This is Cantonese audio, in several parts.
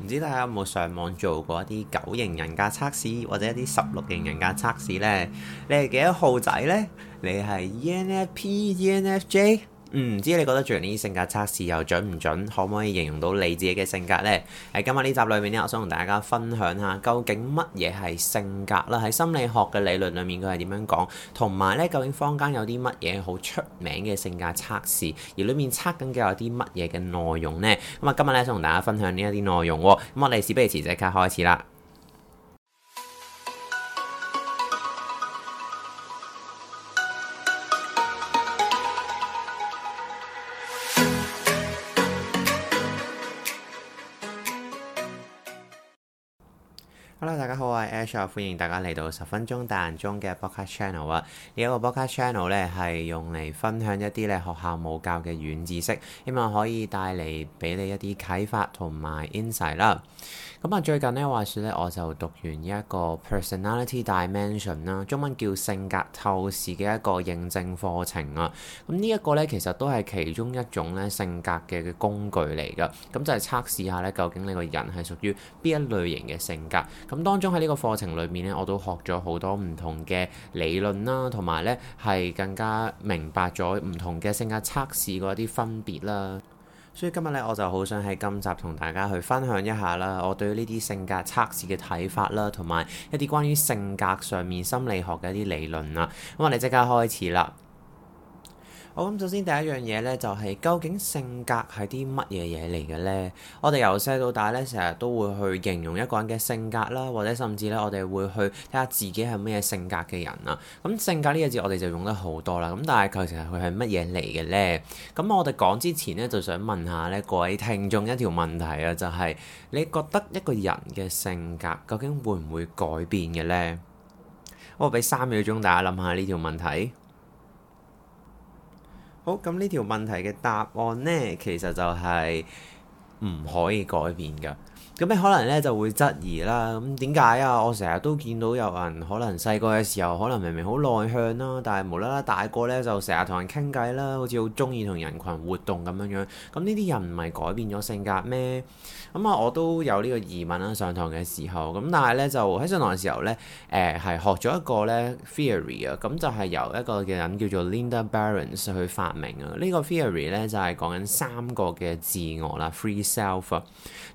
唔知大家有冇上網做過一啲九型人格測試，或者一啲十六型人格測試咧？你係幾多號仔咧？你係 ENFP、ENFJ？嗯，唔知你覺得做完呢啲性格測試又準唔準？可唔可以形容到你自己嘅性格呢？喺今日呢集裏面呢，我想同大家分享下究竟乜嘢係性格啦？喺心理學嘅理論裏面，佢係點樣講？同埋呢，究竟坊間有啲乜嘢好出名嘅性格測試？而裏面測緊嘅有啲乜嘢嘅內容呢？咁啊，今日呢，想同大家分享呢一啲內容。咁我哋事不宜遲即刻開始啦。大家，歡迎大家嚟到十分鐘大人中嘅 podcast channel 啊呢！呢一個 podcast channel 咧係用嚟分享一啲咧學校冇教嘅軟知識，希望可以帶嚟俾你一啲啟發同埋 insight 啦。咁啊，最近呢話説咧，我就讀完呢一個 personality dimension 啦，中文叫性格透視嘅一個認證課程啊。咁呢一個呢，其實都係其中一種咧性格嘅工具嚟噶。咁就係測試下呢，究竟你個人係屬於邊一類型嘅性格。咁當中喺呢個課程裏面呢，我都學咗好多唔同嘅理論啦，同埋呢係更加明白咗唔同嘅性格測試嗰啲分別啦。所以今日咧，我就好想喺今集同大家去分享一下啦，我對呢啲性格測試嘅睇法啦，同埋一啲關於性格上面心理學嘅一啲理論啊。咁我哋即刻開始啦。好咁，首先第一樣嘢呢，就係究竟性格係啲乜嘢嘢嚟嘅呢？我哋由細到大呢，成日都會去形容一個人嘅性格啦，或者甚至呢，我哋會去睇下自己係乜嘢性格嘅人啊。咁、嗯、性格呢個字，我哋就用得好多啦。咁但係其實佢係乜嘢嚟嘅呢？咁我哋講之前呢，就想問下呢各位聽眾一條問題啊，就係、是、你覺得一個人嘅性格究竟會唔會改變嘅呢？我俾三秒鐘大家諗下呢條問題。好，咁呢條問題嘅答案呢，其實就係、是。唔可以改變㗎，咁你可能咧就會質疑啦。咁點解啊？我成日都見到有人可能細個嘅時候可能明明好內向啦，但係無啦啦大個咧就成日同人傾偈啦，好似好鍾意同人群活動咁樣樣。咁呢啲人唔係改變咗性格咩？咁啊，我都有呢個疑問啦。上堂嘅時候，咁但係咧就喺上堂嘅時候咧，誒、呃、係學咗一個咧 theory 啊，咁就係、是、由一個嘅人叫做 Linda Berens 去發明啊。呢、這個 theory 咧就係、是、講緊三個嘅自我啦。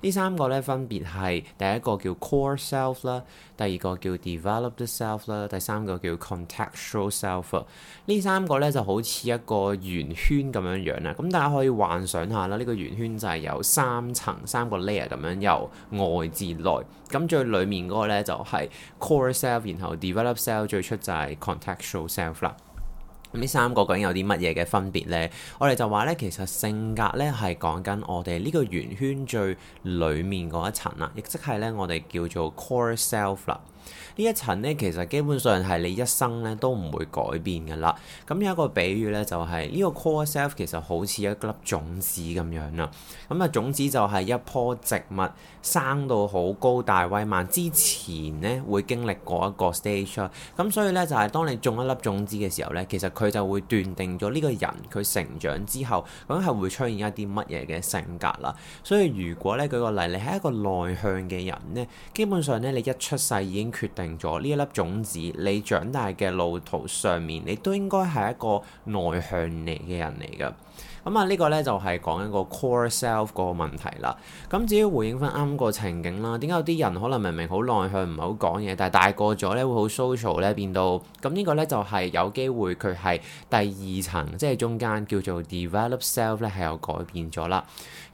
呢三個呢，分別係第一個叫 Core Self 啦，第二個叫 Developed Self 啦，第三個叫 Contextual Self。呢三個呢，就好似一個圓圈噉樣樣呀。噉大家可以幻想下啦，呢、這個圓圈就係有三層三個 layer 噉樣由外至內。噉最裏面嗰個呢，就係 Core Self，然後 Developed Self, self。最出就係 Contextual Self 喇。咁呢三個究竟有啲乜嘢嘅分別呢？我哋就話呢，其實性格呢係講緊我哋呢個圓圈最裡面嗰一層啦，亦即係呢，我哋叫做 core self 啦。呢一層呢，其實基本上係你一生呢都唔會改變嘅啦。咁、嗯、有一個比喻呢，就係、是、呢個 core self 其實好似一粒種子咁樣啦。咁、嗯、啊，種子就係一棵植物生到好高大威猛之前呢，會經歷過一個 stage。咁、嗯、所以呢，就係、是、當你種一粒種子嘅時候呢，其實佢就會斷定咗呢個人佢成長之後咁係會出現一啲乜嘢嘅性格啦。所以如果呢，舉個例，你係一個內向嘅人呢，基本上呢，你一出世已經，決定咗呢一粒種子，你長大嘅路途上面，你都應該係一個內向嚟嘅人嚟㗎。咁、嗯、啊，這個、呢個咧就係、是、講一個 core self 嗰個問題啦。咁、嗯、至於回應翻啱個情景啦，點解有啲人可能明明好內向，唔係好講嘢，但係大個咗咧會好 social 咧變到咁、嗯這個、呢個咧就係、是、有機會佢係第二層，即係中間叫做 develop self 咧係有改變咗啦。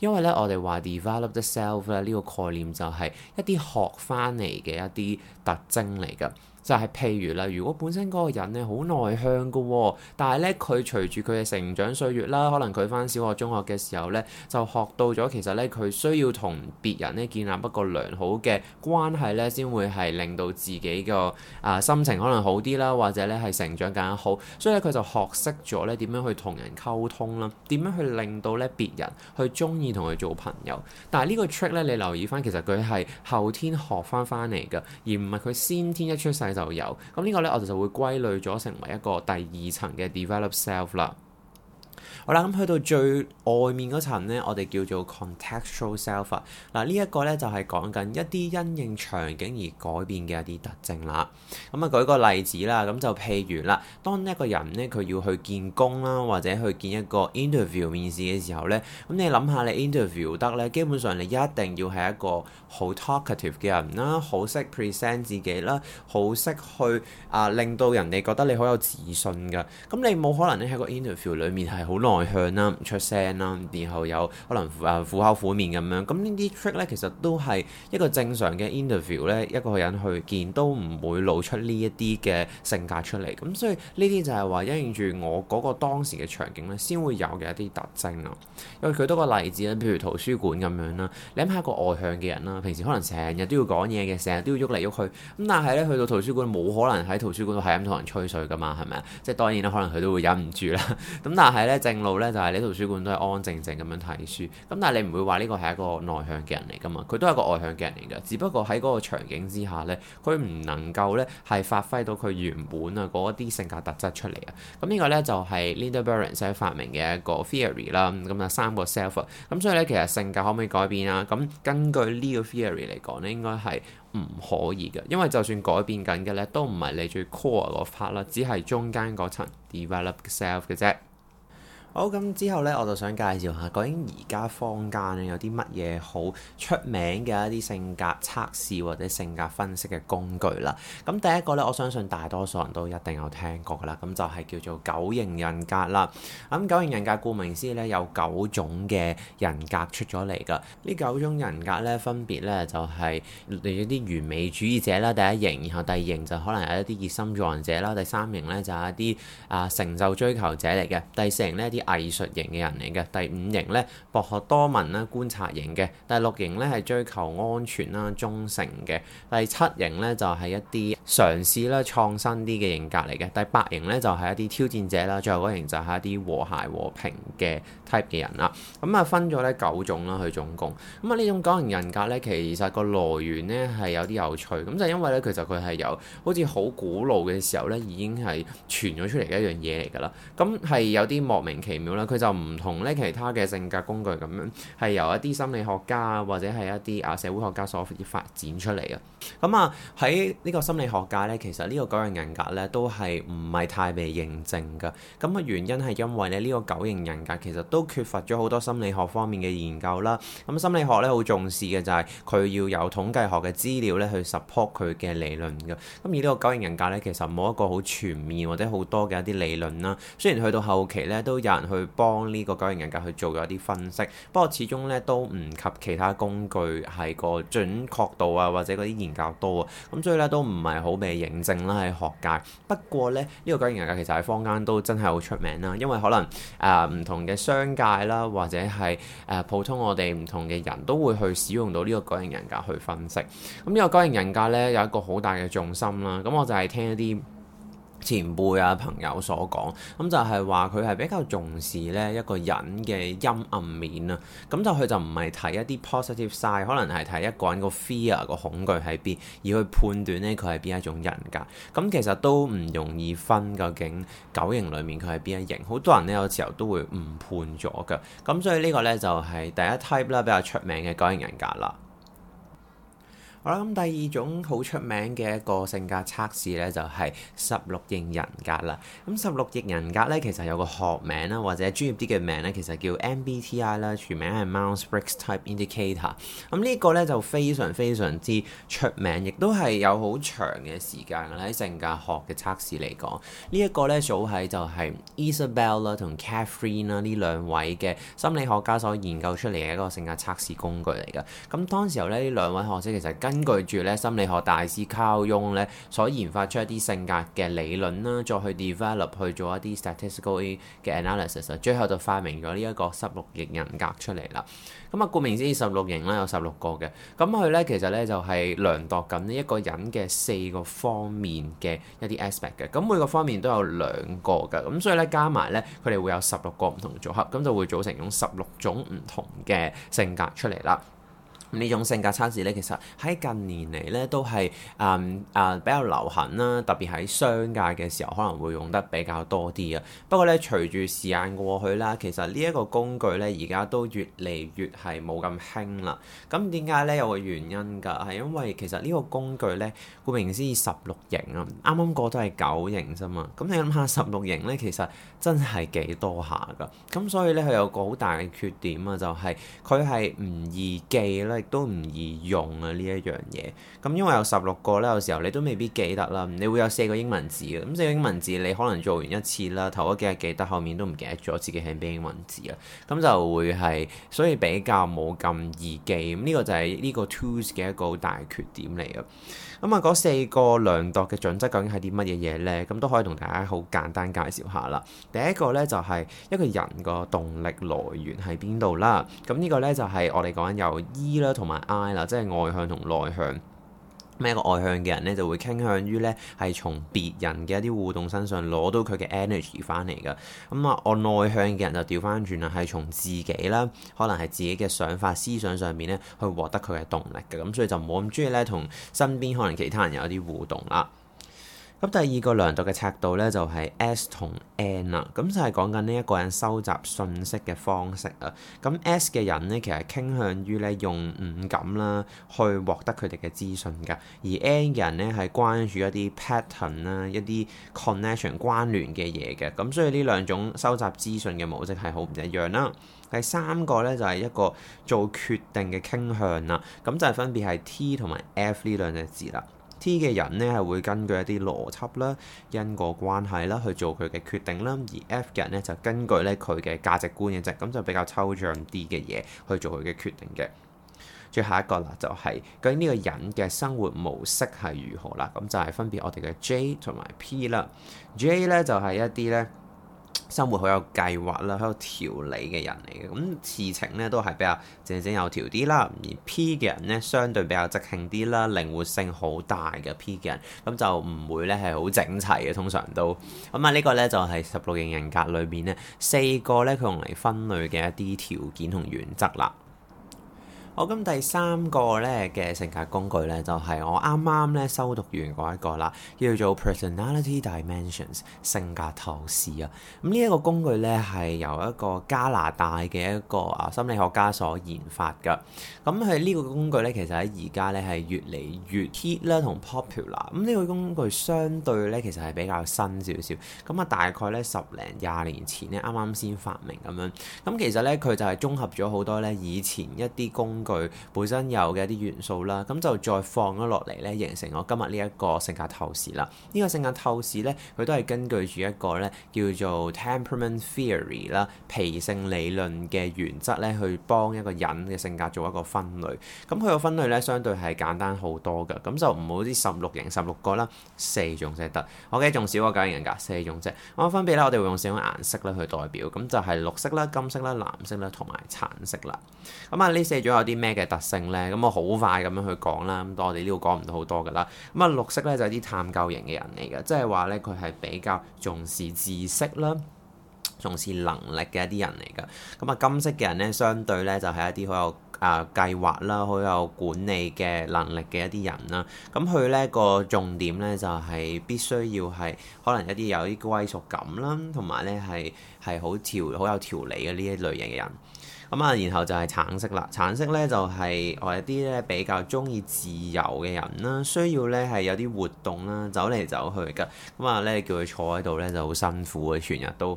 因為咧我哋話 develop self 咧呢個概念就係一啲學翻嚟嘅一啲特徵嚟㗎。就係譬如啦，如果本身嗰個人咧好內向噶、哦，但係咧佢隨住佢嘅成長歲月啦，可能佢翻小學、中學嘅時候咧就學到咗，其實咧佢需要同別人咧建立一個良好嘅關係咧，先會係令到自己個啊、呃、心情可能好啲啦，或者咧係成長更加好。所以咧佢就學識咗咧點樣去同人溝通啦，點樣去令到咧別人去中意同佢做朋友。但係呢個 trick 咧，你留意翻，其實佢係後天學翻翻嚟噶，而唔係佢先天一出世。就有咁呢個咧，我哋就會歸類咗成為一個第二層嘅 develop self 啦。好啦，咁去到最外面嗰層咧，我哋叫做 contextual self。嗱，這個、呢、就是、一個咧就係講緊一啲因應場景而改變嘅一啲特徵啦。咁啊，舉個例子啦，咁就譬如啦，當一個人咧佢要去見工啦，或者去見一個 interview 面試嘅時候咧，咁你諗下，你 interview 得咧，基本上你一定要係一個好 talkative 嘅人啦，好識 present 自己啦，好識去啊令到人哋覺得你好有自信噶。咁你冇可能咧喺個 interview 裏面係好耐。向啦，唔出聲啦，然後有可能誒、呃、苦口苦面咁樣，咁呢啲 trick 咧，其實都係一個正常嘅 interview 咧，一個人去見都唔會露出呢一啲嘅性格出嚟，咁、嗯、所以呢啲就係話因應住我嗰個當時嘅場景咧，先會有嘅一啲特徵咯、啊，因為舉多個例子啦，譬如圖書館咁樣啦，你諗下，一個外向嘅人啦，平時可能成日都要講嘢嘅，成日都要喐嚟喐去，咁但係咧去到圖書館冇可能喺圖書館度係咁同人吹水噶嘛，係咪啊？即係當然啦，可能佢都會忍唔住啦，咁但係咧正就係你圖書館都係安安靜靜咁樣睇書，咁但係你唔會話呢個係一個內向嘅人嚟噶嘛？佢都係一個外向嘅人嚟噶，只不過喺嗰個場景之下呢，佢唔能夠呢係發揮到佢原本啊嗰啲性格特質出嚟啊。咁呢個呢，就係 Linda Berens 發明嘅一個 theory 啦。咁啊三個 self 啊。咁，所以呢，其實性格可唔可以改變啊？咁根據呢個 theory 嚟講呢，應該係唔可以嘅，因為就算改變緊嘅呢，都唔係你最 core 嗰 part 啦，只係中間嗰層 develop self 嘅啫。好，咁之後呢，我就想介紹下究竟而家坊間呢有啲乜嘢好出名嘅一啲性格測試或者性格分析嘅工具啦。咁第一個呢，我相信大多數人都一定有聽過噶啦。咁就係叫做九型人格啦。咁九型人格顧名思義呢，有九種嘅人格出咗嚟噶。呢九種人格呢，分別呢就係一啲完美主義者啦，第一型；然後第二型就可能有一啲熱心助人者啦，第三型呢，就係一啲啊成就追求者嚟嘅，第四型呢，藝術型嘅人嚟嘅，第五型咧，博學多聞啦，觀察型嘅，第六型咧係追求安全啦、忠誠嘅，第七型咧就係、是、一啲嘗試啦、創新啲嘅型格嚟嘅，第八型咧就係、是、一啲挑戰者啦，最後型就係一啲和諧和平嘅 type 嘅人啦。咁、嗯、啊分咗咧九種啦，去總共。咁啊呢種九型人格咧，其實個來源咧係有啲有趣。咁就因為咧，其實佢係有好似好古老嘅時候咧，已經係傳咗出嚟嘅一樣嘢嚟㗎啦。咁、嗯、係有啲莫名奇妙啦，佢就唔同咧其他嘅性格工具咁樣係由一啲心理學家啊，或者係一啲啊社會學家所發展出嚟嘅。咁啊喺呢個心理學界咧，其實呢個九型人格咧都係唔係太被認證嘅。咁嘅原因係因為咧呢個九型人格其實都缺乏咗好多心理學方面嘅研究啦。咁心理學咧好重視嘅就係佢要有統計學嘅資料咧去 support 佢嘅理論嘅，咁而呢個九型人格咧，其實冇一個好全面或者好多嘅一啲理論啦。雖然去到後期咧都有。去幫呢個九型人格去做咗啲分析，不過始終呢都唔及其他工具係個準確度啊，或者嗰啲研究多啊，咁所以呢都唔係好被認證啦喺學界。不過呢，呢、呢個九型人格其實喺坊間都真係好出名啦，因為可能誒、呃、唔同嘅商界啦，或者係誒、呃、普通我哋唔同嘅人都會去使用到呢個九型人格去分析。咁呢個九型人格呢，有一個好大嘅重心啦，咁我就係聽一啲。前輩啊朋友所講，咁就係話佢係比較重視呢一個人嘅陰暗面啊，咁就佢就唔係睇一啲 positive side，可能係睇一個人個 fear 個恐懼喺邊，而去判斷呢佢係邊一種人格，咁其實都唔容易分究竟九型裡面佢係邊一型，好多人呢有時候都會誤判咗㗎，咁所以呢個呢，就係、是、第一 type 啦比較出名嘅九型人格啦。好啦，咁第二種好出名嘅一個性格測試呢，就係十六型人格啦。咁十六型人格呢，其實有個學名啦，或者專業啲嘅名呢，其實叫 MBTI 啦，全名係 Myers-Briggs Type Indicator。咁呢一個咧就非常非常之出名，亦都係有好長嘅時間啦，喺性格學嘅測試嚟講。呢一個呢，早喺就係 Isabel 啦同 Catherine 啦呢兩位嘅心理學家所研究出嚟嘅一個性格測試工具嚟噶。咁當時候咧，呢兩位學者其實根據住咧心理學大師 Carl Jung 咧所研發出一啲性格嘅理論啦，再去 develop 去做一啲 statistical 嘅 analysis，最後就發明咗呢一個十六型人格出嚟啦。咁、嗯、啊，顧名思義，十六型啦有十六個嘅。咁佢咧其實咧就係、是、量度緊呢一個人嘅四個方面嘅一啲 aspect 嘅、嗯。咁每個方面都有兩個嘅。咁、嗯、所以咧加埋咧，佢哋會有十六個唔同組合，咁、嗯、就會組成用種十六種唔同嘅性格出嚟啦。呢種性格測試呢，其實喺近年嚟呢，都係誒誒比較流行啦，特別喺商界嘅時候可能會用得比較多啲啊。不過呢，隨住時間過去啦，其實呢一個工具呢，而家都越嚟越係冇咁興啦。咁點解呢？有個原因㗎，係因為其實呢個工具呢，顧名思義十六型啊，啱啱過都係九型啫嘛。咁你諗下十六型呢，其實真係幾多下㗎？咁所以呢，佢有個好大嘅缺點啊，就係佢係唔易記咧。亦都唔易用啊！呢一樣嘢，咁，因為有十六個咧，有時候你都未必記得啦。你會有四個英文字嘅，咁四個英文字你可能做完一次啦，頭幾日記得，後面都唔記得咗自己係邊英文字啊，咁就會係，所以比較冇咁易記，咁呢個就係呢個 tools 嘅一個大缺點嚟嘅。咁啊，四個量度嘅準則究竟係啲乜嘢嘢咧？咁都可以同大家好簡單介紹下啦。第一個咧就係、是、一個人個動力來源喺、就是、邊度啦。咁呢個咧就係我哋講由 E 啦。同埋 I 啦，即係外向同內向。咩個外向嘅人咧，就會傾向於咧係從別人嘅一啲互動身上攞到佢嘅 energy 翻嚟㗎。咁、嗯、啊，我內向嘅人就掉翻轉啦，係從自己啦，可能係自己嘅想法、思想上面咧去獲得佢嘅動力嘅。咁、嗯、所以就唔好咁中意咧同身邊可能其他人有一啲互動啦。咁第二個量度嘅尺度咧，就係 S 同 N 啦，咁就係講緊呢一個人收集信息嘅方式啊。咁 S 嘅人咧，其實傾向於咧用五感啦去獲得佢哋嘅資訊噶，而 N 嘅人咧係關注一啲 pattern 啦、一啲 connection 關聯嘅嘢嘅。咁所以呢兩種收集資訊嘅模式係好唔一樣啦。第三個咧就係一個做決定嘅傾向啦，咁就係分別係 T 同埋 F 呢兩隻字啦。T 嘅人咧係會根據一啲邏輯啦、因果關係啦去做佢嘅決定啦，而 F 嘅人咧就根據咧佢嘅價值觀嘅啫，咁就比較抽象啲嘅嘢去做佢嘅決定嘅。最後一個啦，就係、是、究竟呢個人嘅生活模式係如何啦，咁就係分別我哋嘅 J 同埋 P 啦。J 咧就係、是、一啲咧。生活好有計劃啦，好有條理嘅人嚟嘅，咁事情咧都係比較井井有條啲啦。而 P 嘅人咧，相對比較即興啲啦，靈活性好大嘅 P 嘅人，咁就唔會咧係好整齊嘅，通常都。咁、嗯、啊，這個、呢個咧就係十六型人格裏邊咧四個咧佢用嚟分類嘅一啲條件同原則啦。我咁第三個咧嘅性格工具咧，就係我啱啱咧修讀完一個啦，叫做 Personality Dimensions 性格透視啊。咁呢一個工具咧，係由一個加拿大嘅一個啊心理學家所研發噶。咁佢呢個工具咧，其實喺而家咧係越嚟越 hit 啦同 popular。咁呢個工具相對咧，其實係比較新少少。咁啊，大概咧十零廿年前咧，啱啱先發明咁樣。咁其實咧，佢就係綜合咗好多咧以前一啲工具。佢本身有嘅一啲元素啦，咁就再放咗落嚟咧，形成我今日呢一個性格透視啦。呢個性格透視咧，佢都係根據住一個咧叫做 Temperament Theory 啦，脾性理論嘅原則咧，去幫一個人嘅性格做一個分類，咁佢個分類咧，相對係簡單好多嘅，咁就唔好啲十六型十六個啦，四種先得。OK 仲少過九型人格，四種啫、那個。我分別咧，我哋會用四種顏色咧去代表，咁就係綠色啦、金色啦、藍色啦同埋橙色啦。咁啊，呢四種有啲。啲咩嘅特性呢？咁我好快咁樣去講啦。咁我哋呢度講唔到好多噶啦。咁啊，綠色呢，就係啲探究型嘅人嚟嘅，即係話呢，佢係比較重視知識啦，重視能力嘅一啲人嚟嘅。咁啊，金色嘅人呢，相對呢，就係一啲好有啊、呃、計劃啦，好有管理嘅能力嘅一啲人啦。咁佢呢個重點呢，就係必須要係可能一啲有啲歸屬感啦，同埋呢係係好調好有條理嘅呢一類型嘅人。咁啊，然後就係橙色啦。橙色呢，就係、是、我一啲呢比較中意自由嘅人啦，需要呢係有啲活動啦，走嚟走去㗎。咁啊，呢叫佢坐喺度呢，就好辛苦啊，全日都。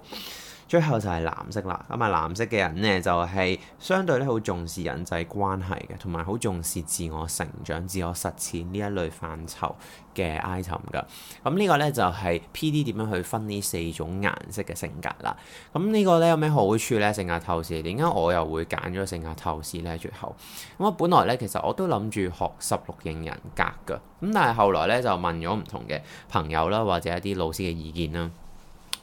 最後就係藍色啦，咁、嗯、啊藍色嘅人呢，就係、是、相對咧好重視人際關係嘅，同埋好重視自我成長、自我實踐呢一類範疇嘅 item 噶。咁、嗯、呢、這個呢，就係、是、PD 點樣去分呢四種顏色嘅性格啦。咁、嗯、呢、這個呢，有咩好處呢？性格透視點解我又會揀咗性格透視呢？最後，咁我本來呢，其實我都諗住學十六型人格噶，咁但係後來呢，就問咗唔同嘅朋友啦，或者一啲老師嘅意見啦。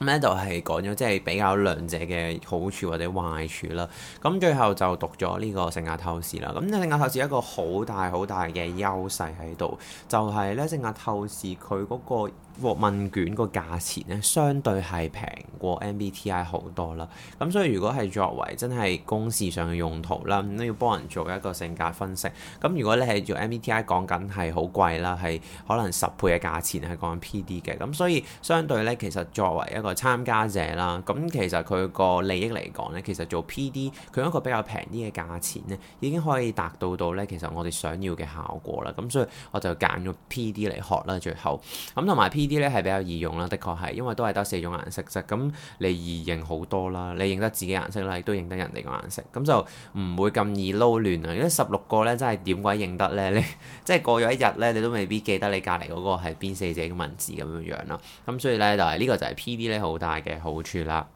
咁咧就係講咗即係比較兩者嘅好處或者壞處啦。咁最後就讀咗呢個性格透視啦。咁性格透視一個好大好大嘅優勢喺度，就係咧性格透視佢嗰個。個問卷個價錢咧，相對係平過 MBTI 好多啦。咁所以如果係作為真係公事上嘅用途啦，咁要幫人做一個性格分析，咁如果你係做 MBTI 講緊係好貴啦，係可能十倍嘅價錢係講 P.D. 嘅。咁所以相對咧，其實作為一個參加者啦，咁其實佢個利益嚟講咧，其實做 P.D. 佢一個比較平啲嘅價錢咧，已經可以達到到咧，其實我哋想要嘅效果啦。咁所以我就揀咗 P.D. 嚟學啦。最後咁同埋 P. P.D 咧係比較易用啦，的確係，因為都係得四種顏色啫。咁你易認好多啦，你認得自己顏色啦，亦都認得人哋個顏色，咁就唔會咁易撈亂啊！因為十六個咧，真係點鬼認得咧，你即係過咗一日咧，你都未必記得你隔離嗰個係邊四隻嘅文字咁樣樣啦。咁所以咧，就係呢個就係 P.D 咧好大嘅好處啦。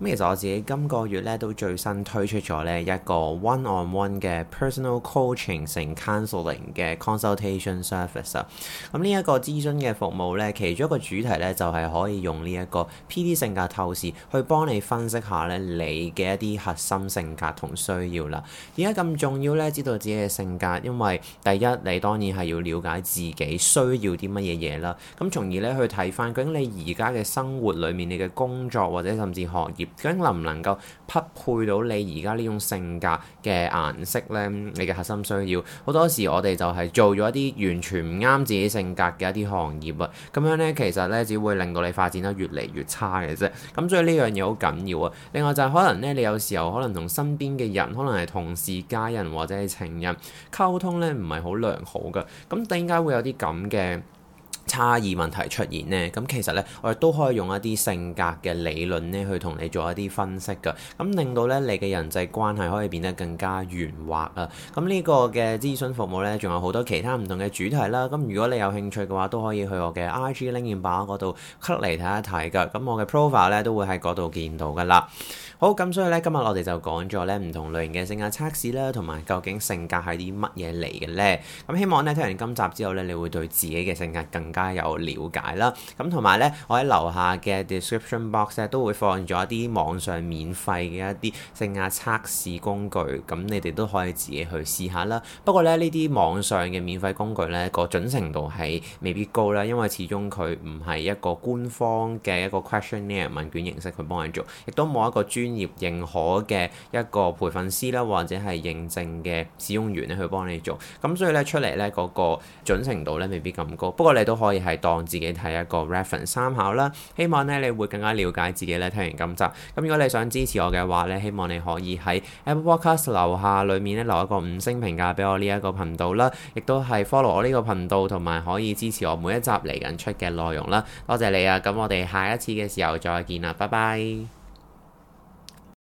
咩？其實我自己今個月咧都最新推出咗咧一個 one-on-one 嘅 on one personal coaching 成 counseling 嘅 consultation service 啊。咁呢一個諮詢嘅服務咧，其中一個主題咧就係、是、可以用呢一個 P.D 性格透視去幫你分析下咧你嘅一啲核心性格同需要啦。點解咁重要咧，知道自己嘅性格，因為第一你當然係要了解自己需要啲乜嘢嘢啦。咁從而咧去睇翻究竟你而家嘅生活裏面，你嘅工作或者甚至學業。究竟能唔能夠匹配到你而家呢種性格嘅顏色咧？你嘅核心需要，好多時，我哋就係做咗一啲完全唔啱自己性格嘅一啲行業啊！咁樣咧，其實咧只會令到你發展得越嚟越差嘅啫。咁所以呢樣嘢好緊要啊！另外就係可能咧，你有時候可能同身邊嘅人，可能係同事、家人或者係情人溝通咧，唔係好良好㗎。咁點解會有啲咁嘅差異問題出現呢，咁其實呢，我哋都可以用一啲性格嘅理論呢去同你做一啲分析噶，咁令到呢你嘅人際關係可以變得更加圓滑啊！咁呢個嘅諮詢服務呢，仲有好多其他唔同嘅主題啦。咁如果你有興趣嘅話，都可以去我嘅 IG link in bio 嗰度 cut 嚟睇一睇噶。咁我嘅 profile 呢都會喺嗰度見到噶啦。好，咁所以呢，今日我哋就講咗呢唔同類型嘅性格測試啦，同埋究竟性格係啲乜嘢嚟嘅呢。咁希望呢，聽完今集之後呢，你會對自己嘅性格更有了解啦，咁同埋咧，我喺樓下嘅 description box 咧都會放咗一啲網上免費嘅一啲性格測試工具，咁你哋都可以自己去試下啦。不過咧，呢啲網上嘅免費工具咧，個準程度係未必高啦，因為始終佢唔係一個官方嘅一個 questionnaire 問卷形式去幫你做，亦都冇一個專業認可嘅一個培訓師啦，或者係認證嘅使用員咧去幫你做，咁所以咧出嚟咧個準程度咧未必咁高。不過你都可。可以係當自己睇一個 reference 參考啦，希望咧你會更加了解自己咧。聽完今集，咁如果你想支持我嘅話咧，希望你可以喺 Apple Podcast 樓下裡面咧留一個五星評價俾我呢一個頻道啦，亦都係 follow 我呢個頻道同埋可以支持我每一集嚟緊出嘅內容啦。多謝你啊！咁我哋下一次嘅時候再見啦，拜拜。